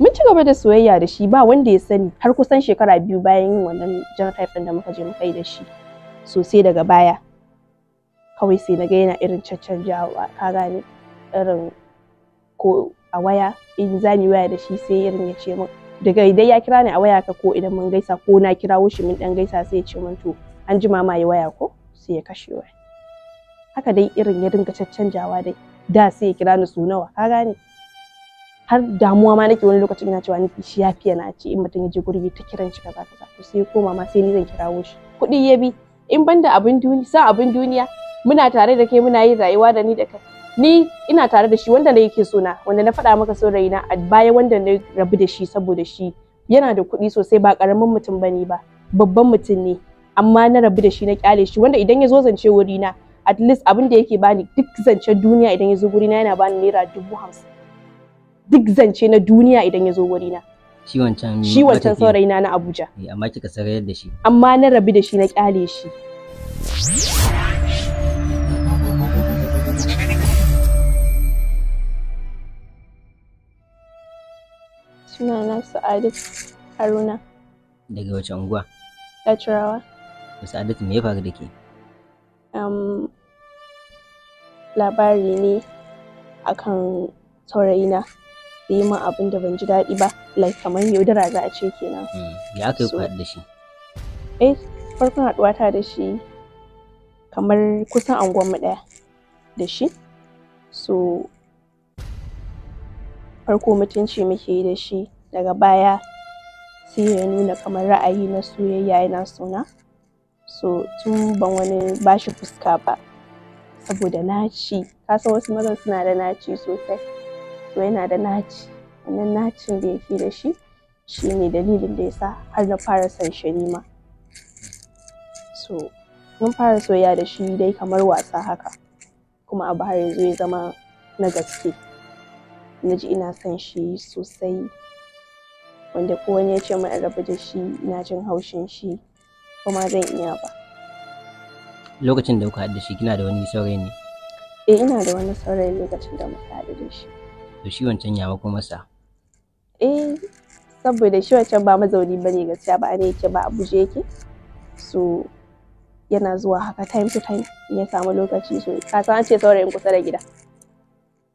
mun ci gaba da soyayya da shi ba wanda ya sani har kusan shekara biyu bayan yin wannan jan haifin da muka je mu kai da shi sosai daga baya kawai sai na ga yana irin jawa ka gane irin ko a waya in za mu waya da shi sai irin ya ce min daga idan ya kira ni a waya ka ko idan mun gaisa ko na kira shi mun dan gaisa sai ya ce min to an ji mama ya waya ko sai ya kashe waya haka dai irin ya dinga jawa dai da sai ya kira ni su nawa ka gane har damuwa ma nake wani lokacin ina cewa nake shi ya fiye na ce in mutum ya je guri ta kiran shi kaza kaza to sai koma ma sai ni zan kirawo shi kuɗi ya bi in banda abin duniya sa abin duniya muna tare da kai muna yi rayuwa da ni da kai ni ina tare da shi wanda na yake so na wanda na faɗa maka saurayi raina a baya wanda na rabu da shi saboda shi yana da kuɗi sosai ba ƙaramin mutum bane ba babban mutum ne amma na rabu da shi na kyale shi wanda idan ya zo zance wurina, na at least abin da yake bani duk zancen duniya idan ya zo guri na yana bani naira dubu hamsin duk zance na duniya idan ya zo wurina. Shi wancan Shi wancan saurayina na Abuja. Eh, amma kika sarayar da shi. Amma na rabi da shi na kyale shi. Suna na Sa'adat Haruna. Daga wace unguwa? Gacharawa. Sa'adat me ya faru da ke? Um, labari ne akan saurayina. da yi min abin da ban ji daɗi ba like kamar yaudara za a ce kenan ya mm, kai ku da shi eh farkon haɗuwa ta da shi kamar kusan anguwan mu ɗaya da shi so farko mutunci muke yi da shi daga baya sai ya nuna kamar ra'ayi na soyayya yana suna so tun ban wani bashi fuska ba saboda naci kasan wasu mazan suna da naci sosai so yana da naci wannan nacin da yake da shi shi ne dalilin da ya sa har na fara son shirima so mun fara soya da shi dai kamar wasa haka kuma abu har yanzu ya zama na gaske na ji ina son shi sosai wanda ko wani ya ce min rabu da shi ina jin haushin shi kuma zan iya ba lokacin da kuka haɗu da shi kina da wani saurayi ne eh ina da wani saurayi lokacin da muka haɗu da shi to shi wancan ya mako masa eh saboda shi wancan ba mazauni bane gaskiya ba ne yake ba Abuja yake so yana zuwa haka time to time in ya samu lokaci so ka san ce saurayin kusa da gida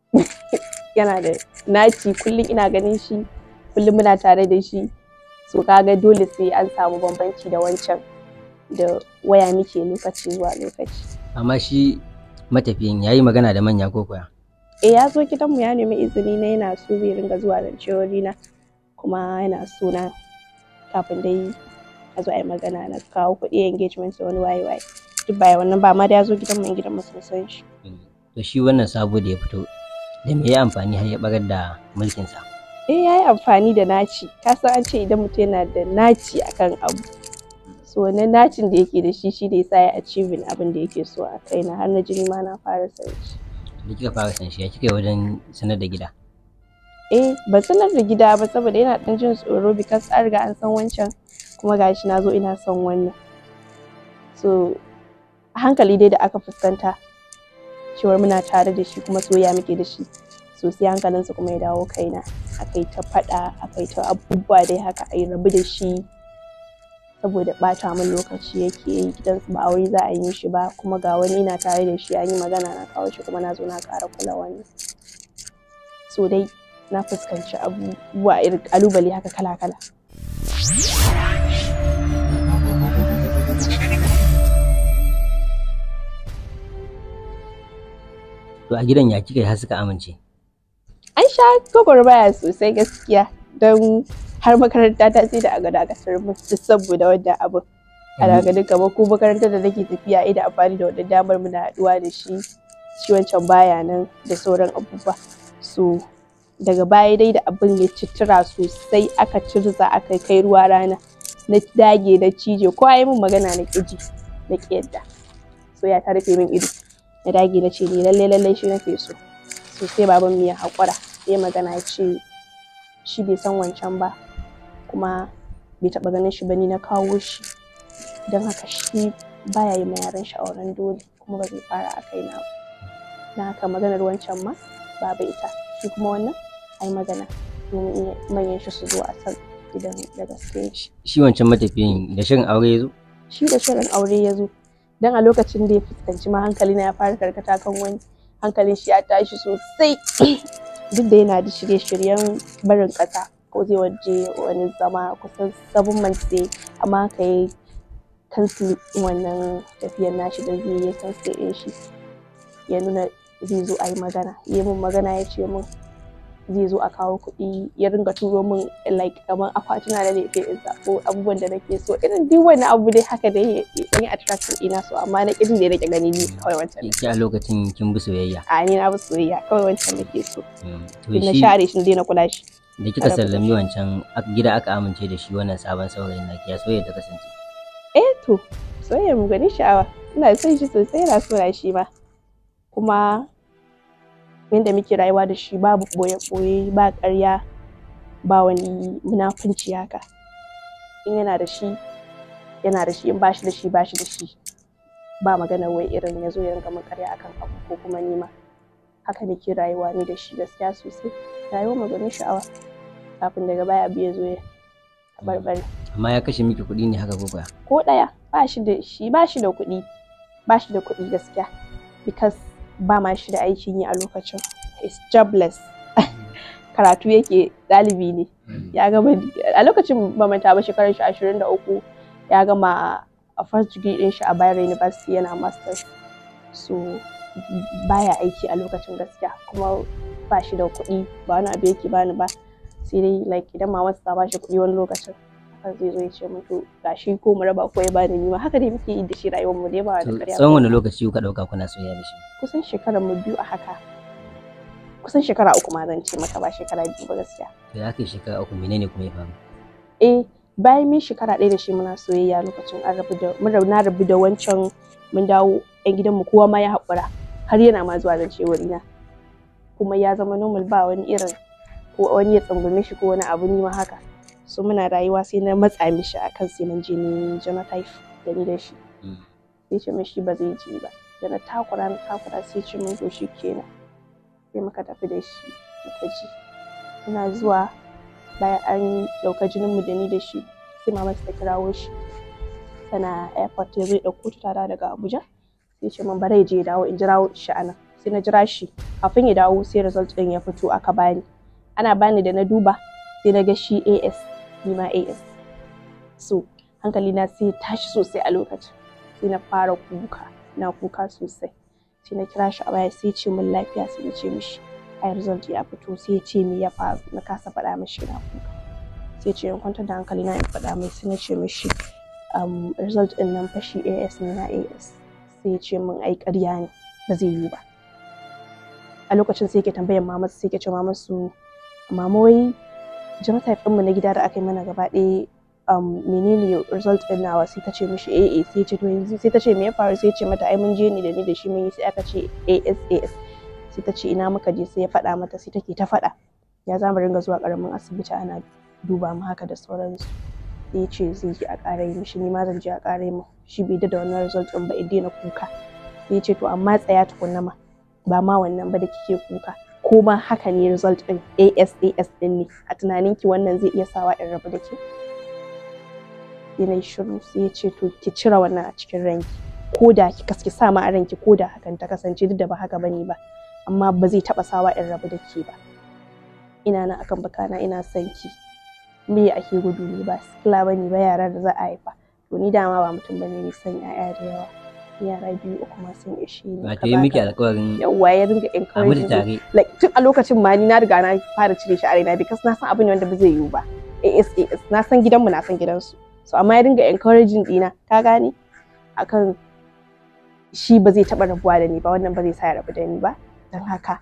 yana da naci kullum ina ganin shi kullum muna tare da shi so ga dole sai an samu bambanci da wancan da waya muke lokaci zuwa lokaci amma shi matafiyin yayi magana da manya ko kuwa eh ya zo gidanmu ya nemi izini na yana so zai ringa zuwa rancewar na kuma yana so na kafin dai a zo a yi magana na kawo kuɗi engagement da wani waye waye duk baya wannan ba ma da ya zo gidanmu in gidanmu sun san shi. Mm. to shi wannan sabo da ya fito da me ya amfani har ya bagar da mulkin sa. eh ya yi amfani da naci ka san an ce idan mutum yana da naci akan abu so na nacin da yake da shi shi da ya sa ya achieving abin da yake so a kaina har na jini ma na fara san shi. da kika fara san shi ya kika wajen sanar da gida eh ba sanar da gida ba saboda yana dan jin tsoro because an riga an san wancan kuma gashi na zo ina son wannan so hankali dai da aka fuskanta cewar muna tare da shi kuma soya muke da shi sosai hankalinsa kuma ya dawo kaina akai ta faɗa akai ta abubuwa dai haka ai rabu da shi saboda ɓata min lokaci yake yi gidan ba wai za a yi shi ba kuma ga wani ina tare da shi an yi magana na kawo shi kuma na zo na ƙara kula wani so dai na fuskanci abubuwa irin ƙalubale haka kala-kala To a gidan ya kika yi har suka amince? An sha gwagwarmaya sosai gaskiya don har makaranta ta sai da a gada kasar saboda wannan abin a ganin kamar ko makaranta da nake tafiya ina amfani da wannan damar muna haɗuwa da shi shi wancan baya nan da sauran abubuwa so daga baya dai da abin ya citira sosai aka cirza aka kai ruwa rana na dage na cije ko yi min magana na kiji na ƙiyadda so ya ta rufe min ido na dage na ce ni lalle lalle shi nake so Sosai baban mu ya haƙura sai magana ce shi bai san wancan ba kuma bai taɓa ganin shi ba ni na kawo shi don haka shi baya yi ma yaran shi auren dole kuma ba zai fara a kai na ba na haka maganar wancan ma babu ita shi kuma wannan ai magana domin manyan shi su zo a san idan da gaske shi shi wancan matafiyin da shirin aure ya zo shi da shirin aure ya zo dan a lokacin da ya fuskanci ma hankali na ya fara karkata kan wani hankalin shi ya tashi sosai duk da yana da shirye-shiryen barin ƙasa waje waje wani zama kusan sabon months amma ka yi kansil wannan tafiyar nashi da zai yi kansil ɗin shi ya nuna zai zo a yi magana ya mun magana ya ce mun zai zo a kawo kuɗi ya ringa turo min like kamar akwatuna da lefe in zaɓo abubuwan da nake so irin duk wani abu dai haka da ya yi attraction ina so amma na irin da ya rike gani ni kawai wancan ne. a lokacin kin bi soyayya. a ni na bi soyayya kawai wancan nake so. Mm, na share shi na kula shi. da kika sallami wancan gida aka amince da shi wannan sabon saurayin naki ya soyayya ta kasance eh to soyayya mu gani sha'awa ina son shi sosai na so shi ma kuma yadda muke rayuwa da shi babu boye boye ba ƙarya ba wani munafunci haka in yana da shi yana da shi in bashi da shi bashi da shi ba magana wai irin ya zo ya rinka min ƙarya akan abu ko kuma nima haka muke rayuwa ni da shi gaskiya sosai Rayuwa mu gani sha'awa kafin daga baya abu ya zo ya barbare amma ya kashe miki kuɗi ne haka gobe ko ɗaya ba shi da shi ba shi da kuɗi ba shi da kuɗi gaskiya because ba ma shi da aikin yi a lokacin is jobless karatu yake ɗalibi ne hmm. ya gama a lokacin ba manta ba shekarar shi ashirin da uku ya gama a first degree ɗin shi a Bayero University yana masters so baya aiki a lokacin gaskiya kuma ba shi da kuɗi ba wani abu yake bani ba sai dai like idan wasu ta ba shi kuɗi wani lokacin hakan zai zo ya ce mutu gashi ko mu raba ko ya bani ni ma haka dai muke yi da shi rayuwar mu dai ba da ƙarya tsawon wani lokaci kuka ɗauka kuna soyayya da shi kusan shekara mu biyu a haka kusan shekara uku ma zan ce maka ba shekara biyu ba gaskiya to ya kai shekara uku menene kuma ya faru eh bayan min shekara ɗaya da shi muna soyayya lokacin an rabu da mun na rabu da wancan mun dawo yan gidanmu kowa ma ya haƙura har yana ma zuwa zance wurina kuma ya zama normal ba wani irin ko wani ya tsungumi shi ko wani abu ni ma haka Su muna rayuwa sai na matsa mishi a kan sai mun je ni genotype da ni da shi mm. sai ce mishi ba zai je ba da na takura na takura sai ce mun to shi kenan sai muka tafi da shi muka ji ina zuwa bayan an ɗauka jinin mu da ni da shi sai mama ta kirawo shi tana airport ya zai ɗauko ta tara daga abuja sai ce mun bare je dawo in jira shi anan sai na jira shi kafin ya dawo sai result ɗin ya fito aka bani ana bani da na duba sai na ga shi as ni ma as so hankali na sai tashi sosai a lokacin sai na fara kuka na kuka sosai sai na kira shi a baya sai ce min lafiya sai na ce mishi ai result ya fito sai ya ce me ya faru na kasa faɗa mishi na kuka sai ce in kwantar da hankali na in faɗa mai sai na ce mishi um, result din nan fashi as ne na as sai ya ce min ai ƙarya ne ba zai yiwu ba a lokacin sai ke tambayar mamansu sai ke ce mamansu mama wai genotype ɗinmu na gida da aka yi mana gaba ɗaya um, menene result ɗin nawa sai ta ce mishi AA eh, eh. sai ce sai ta ce me ya faru sai ce mata ai mun je ni da ni da shi mun yi sai aka ce ASAS sai ta ce ina muka je sai ya faɗa mata sai take ta faɗa ya za mu ringa zuwa ƙaramin asibiti ana duba mu haka da sauransu ya ce zai yi a ƙara yi mishi ni ma zan je a ƙara yi shi bai da wannan result ɗin ba in daina kuka ya ce to amma tsaya tukunna ma ba ma wannan ba da kike kuka ko ma haka ne result ɗin asas ɗin ne a tunanin ki wannan zai iya sawa in rabu da ke yanayi shiru sai ya ce to ki cire wannan a cikin ranki ko da ki kaske sa ma a ranki ko da hakan ta kasance duk da ba haka bane ba amma ba zai taba sawa in rabu da ke ba ina nan akan na ina son ki me ake gudu ne ba sikila bane ba yaran da za a haifa to ni dama ba mutum bane ne son 'ya'ya da yawa yara biyu uku ma sun ishe ni wato yi miki alƙawarin yawa ya dinga encourage tare like tun a lokacin ma ni na riga na fara cire shi a raina because na san abin ne wanda ba zai yiwu ba ASAS na san gidanmu na san gidansu so amma ya dinga encouraging dina ka gane akan shi ba zai taɓa rabuwa da ni ba wannan ba zai sa ya rabu da ni ba don haka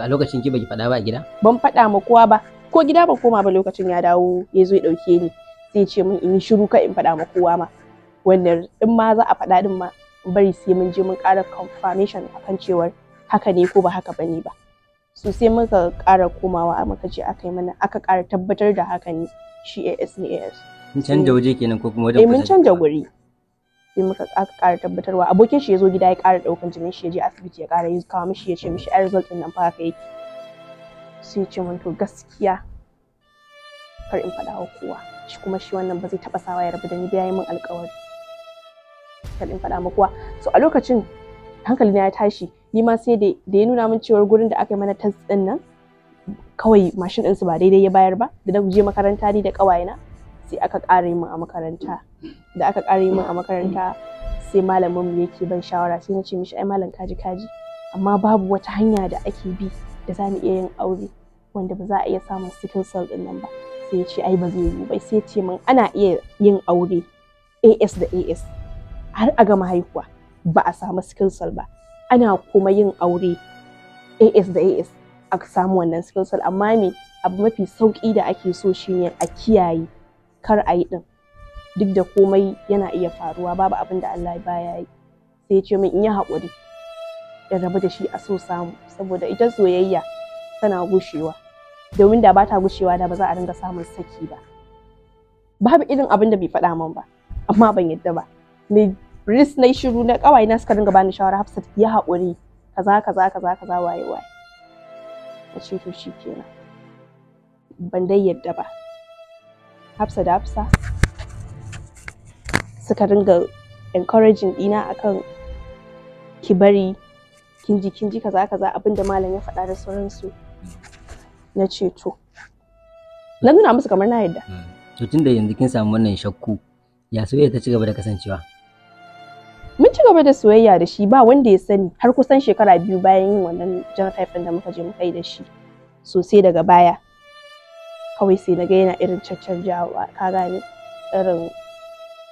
a lokacin ki baki faɗa ba a gida ban faɗa ma kowa ba ko gida ban koma ba lokacin ya dawo ya zo ya ɗauke ni zai ce min in shiru ka in faɗa ma kowa ma Wannan in ma za a faɗa ɗin ma bari sai mun je mun ƙara confirmation akan cewar haka ne ko ba haka bane ba so sai muka ƙara komawa muka je aka yi mana aka ƙara tabbatar da haka ne shi AS ne AS mun canja eh, waje kenan ko kuma wajen eh, mun canja guri sai muka aka ƙara tabbatarwa abokin shi ya zo gida ya ƙara ɗaukan jinin shi ya je asibiti ya ƙara yi kawo mishi ya ce mishi ai result ɗin nan fa haka yake sai ce mun to gaskiya kar in faɗa wa kowa shi kuma shi wannan ba zai taɓa sawa ya rabu da ni ba ya yi min alƙawari kaɗin faɗa makuwa so a lokacin hankali na ya tashi ni ma sai da ya nuna min cewar gurin da aka yi mana tas din nan kawai mashin ɗinsu ba daidai ya bayar ba da na je makaranta ni da ƙawayena sai aka ƙare min a makaranta da aka ƙare min a makaranta sai malamin mu yake ban shawara sai na ce mishi ai malam kaji kaji amma babu wata hanya da ake bi da za mu iya yin aure wanda ba za a iya samun sickle sal din nan ba sai ya ce ai ba zai yiwu ba sai ya ce min ana iya yin aure AS da AS har a gama haihuwa ba a samu skill ba ana kuma yin aure as da as a samu wannan skill amma me abu mafi sauki da ake so shine a kiyaye kar a yi din duk da komai yana iya faruwa babu abin da Allah baya yi sai ya ce min in yi haƙuri in rabu da shi a so samu saboda ita soyayya tana gushewa domin da ba ta gushewa da ba za a dinga samun saki ba babu irin abin da bai faɗa min ba amma ban yadda ba ni ris na shiru na kawai na suka dinga bani shawara Hafsat ya haƙuri kaza kaza kaza kaza waye waye na ce to kenan, ban dai yadda ba Hafsa da Hafsa suka dinga encouraging dina akan ki bari kin ji kin ji kaza kaza abinda malam ya faɗa da sauransu na ce to na nuna musu kamar na yadda hmm. to tunda yanzu kin samu wannan shakku ya so ta ci gaba da kasancewa mun ci gaba da soyayya da shi ba wanda ya sani har kusan shekara biyu bayan yin wannan jan taifin da muka je muka yi da shi sosai daga baya kawai sai na ga yana irin caccanjawa ka gane irin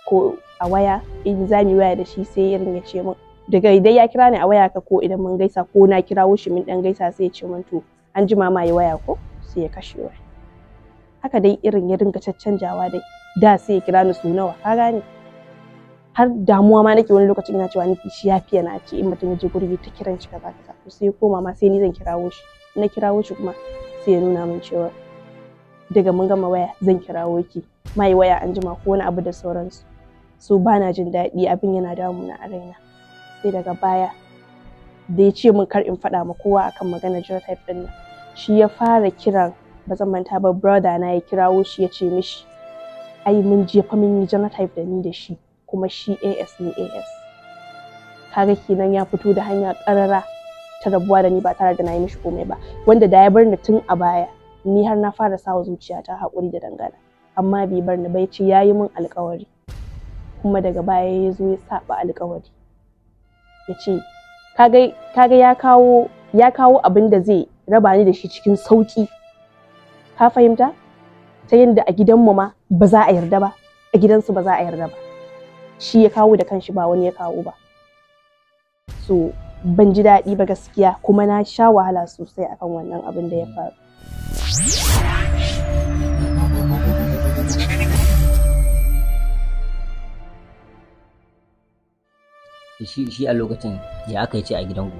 ko a waya in za mu waya da shi sai irin ya ce min daga idan ya kira ni a waya ka ko idan mun gaisa ko na kirawo shi mun dan gaisa sai ya ce min to an ji mama yi waya ko sai ya kashe waya haka dai irin ya dinga caccanjawa dai da sai ya kira ni su nawa ka gane har damuwa ma nake wani lokacin ina cewa niki shi ya na ce in mutum je gurbi ta kiran shi kaza kaza to sai koma ma sai ni zan kirawo shi na kirawo shi kuma sai ya nuna min cewa daga mun gama waya zan kirawo ki mai waya an jima ko wani abu da sauransu so ba na jin daɗi abin yana damuna a raina sai daga baya da ya ce min kar in faɗa ma kowa akan maganar genotype ɗin nan shi ya fara kiran ba zan manta ba brother na ya kirawo shi ya ce mishi ai mun je fa mun yi genotype da ni da shi kuma shi as ne as kaga kenan ya fito da hanya karara ta rabuwa da ni ba tare da na yi mishi komai ba wanda da ya bar ni tun a baya ni har na fara sawa zuciyata haƙuri da dangana amma bai bar ni bai ce ya yi min alƙawari kuma daga baya ya zo ya saba alƙawari ya ce kaga ya kawo ya kawo abin da zai raba ni da shi cikin sauƙi ka fahimta ta yadda a gidanmu ma ba za a yarda ba a gidansu ba za a yarda ba shi ya kawo da kanshi ba wani ya kawo ba so ban ji daɗi ba gaskiya kuma na sha wahala sosai akan wannan abin da ya faru shi a lokacin ya aka yi ce a gidan ku.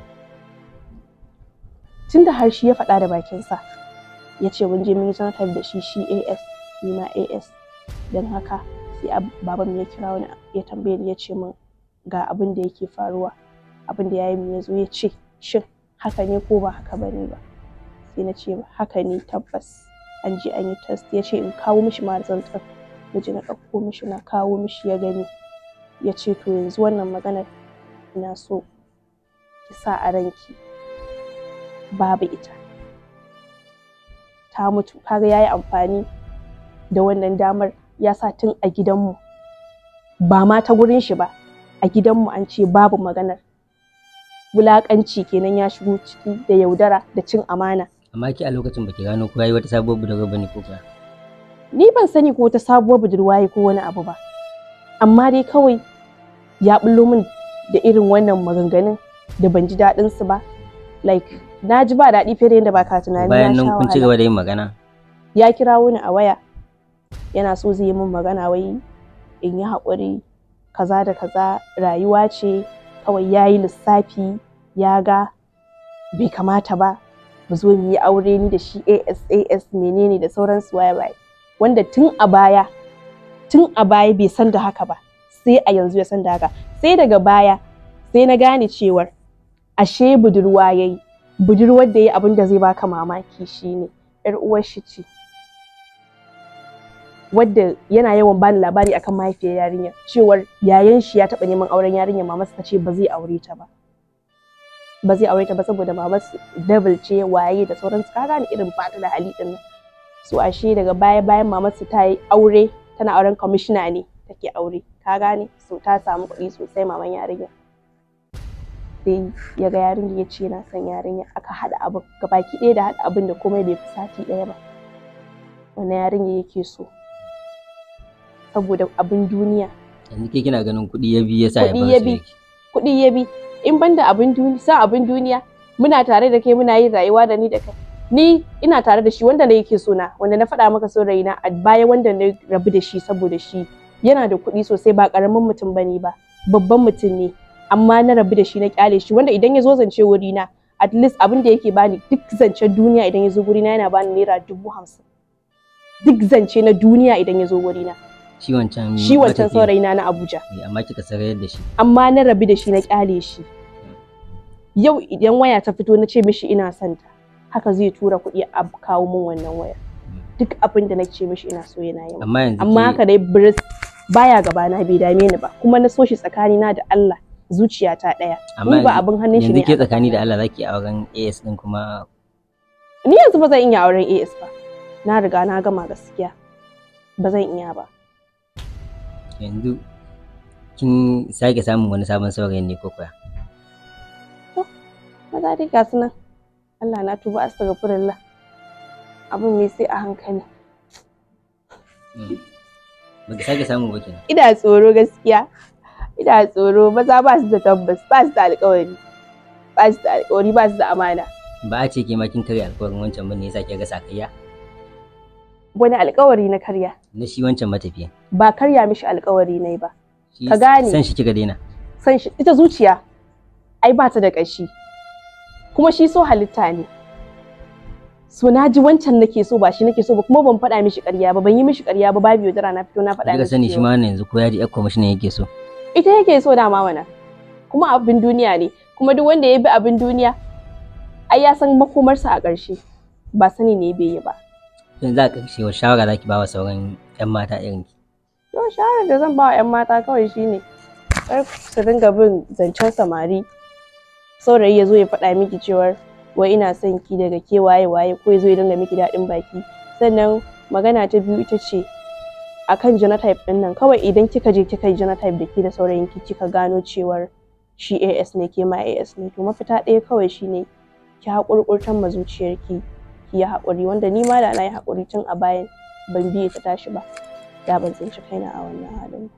tun da har shi ya faɗa da bakinsa ya ce mun je mun yi da shi shi as ni ma as don haka sai baban ya kira wani ya tambaye ni ya ce min ga abin da yake faruwa abin da yayin ya zo ya ce shin haka ne ko ba haka bane ba sai na ce haka ne tabbas an je an yi test ya ce in kawo mishi ma zantar na je na ɗauko mishi na kawo mishi ya gani ya ce to yanzu wannan maganar ina so ki sa a ranki babu ita ta mutu kaga yayi amfani da wannan damar ya sa tun a gidanmu ba ma ta gurin shi ba a gidanmu an ce babu maganar wulakanci kenan ya shigo ciki da yaudara da cin amana amma ki a lokacin baki gano ko yayi wata sabuwar budurwa bane ko ka ni ban sani ko wata sabuwar budurwa ko wani abu ba amma dai kawai ya bullo min da irin wannan maganganun da ban ji daɗin su ba like na ji ba daɗi fere da tunani ba ka tunani bayan nan kun ci gaba da yin magana ya kirawo ni a waya yana so zai yi min magana wai in yi haƙuri kaza da kaza rayuwa ce kawai ya yi lissafi ya ga bai kamata ba mu zo mu yi aure ni da shi asas menene da sauransu waya baya wanda tun a baya tun a baya bai san da haka ba sai a yanzu ya san da haka sai daga baya sai na gane cewar ashe budurwa yayi budurwar da yi abin da zai baka mamaki shine yar uwar shi ce wadda yana yawan bani labari akan mahaifiyar yarinya cewar yayan shi ya taba neman auren yarinya mama ta ce ba zai aure ta ba ba zai aure ta ba saboda mamarsa devil ce waye da sauran su kaga ni irin fata da hali din su ashe daga baya bayan su ta yi aure tana auren commissioner ne take aure ka gane so ta samu kuɗi sosai maman yarinya sai ya ga yarinya ya ce na san yarinya aka haɗa abin gabaki ɗaya da haɗa abin da komai bai fi sati ɗaya ba wannan yarinya yake so saboda abin duniya yanzu ke kina ganin kuɗi ya bi ya sa ya ba kuɗi ya bi in da abin duniya sa abin duniya muna tare da kai muna yi rayuwa da ni da kai ni ina tare da shi wanda na yake so na wanda na faɗa maka son raina a baya wanda na rabu da shi saboda shi yana da kuɗi sosai ba ƙaramin mutum bane ba babban mutum ne amma na rabu da shi na kyale shi wanda idan ya zo zance wurina at least abin da yake bani duk zancen duniya idan ya zo wurina yana bani naira dubu hamsin duk zance na duniya idan ya zo wurina shi wancan shi wancan saurayina na Abuja eh, amma kika sarayar da shi amma na rabi da shi na kyale shi yau idan waya ta fito na ce mishi ina son ta haka zai tura kuɗi a kawo min wannan waya duk abin da na ce mishi ina so yana yi amma yanzu amma haka dai bris baya gaba na bai dame ni ba kuma na so shi tsakanina da Allah zuciya ta ɗaya Amma ba abin hannun shi ne yanzu ke tsakani da Allah zaki auren AS din kuma ni yanzu ba zan iya auren AS ba na riga na gama gaskiya ba zan iya ba yanzu kin sake samun wani sabon saurayin ne ko kuwa to maza dai ga nan Allah na tuba astaghfirullah abin ne sai a hankali hmm. ba ki sake samu ba kenan ina tsoro gaskiya ina tsoro maza ba su da tabbas ba su da alƙawari ba su da alƙawari ba su da amana ba a ce ke ma kin karya alƙawarin wancan ba ne yasa ki ga sakayya wani alƙawari na karya na shi wancan matafiya ba karya mishi alkawari ne ba ka gane san shi kika daina san shi ita zuciya ai ba ta da ƙashi kuma shi so halitta ne so na ji wancan nake so ba shi nake so ba kuma ban faɗa mishi ƙarya ba ban yi mishi ƙarya ba babu yaudara na fito na faɗa mishi sani shi ma wannan yanzu ko ya ji ekwa mashi yake so ita yake so ma wannan. kuma abin duniya ne kuma duk wanda ya bi abin duniya ai ya san makomarsa a ƙarshe ba sani ne bai yi ba yanzu a ƙarshe wa shawara zaki ba wa sauran 'yan mata irin ki? To shawarar da zan ba wa 'yan mata kawai shine kar su dinga bin zancen samari saurayi ya zo ya faɗa miki cewar wai ina son ki daga ke waye waye ko ya zo ya dinga miki daɗin baki sannan magana ta biyu ita ce akan genotype ɗin nan kawai idan kika je kika yi genotype da ke da saurayin ki kika gano cewar shi AS ne ke ma AS ne to mafita ɗaya kawai shine ki haƙurƙurtan ma zuciyarki ki yi haƙuri wanda ni ma da na yi haƙuri tun a bayan ban biye ta tashi ba ya ban tsinci kaina a wannan halin ba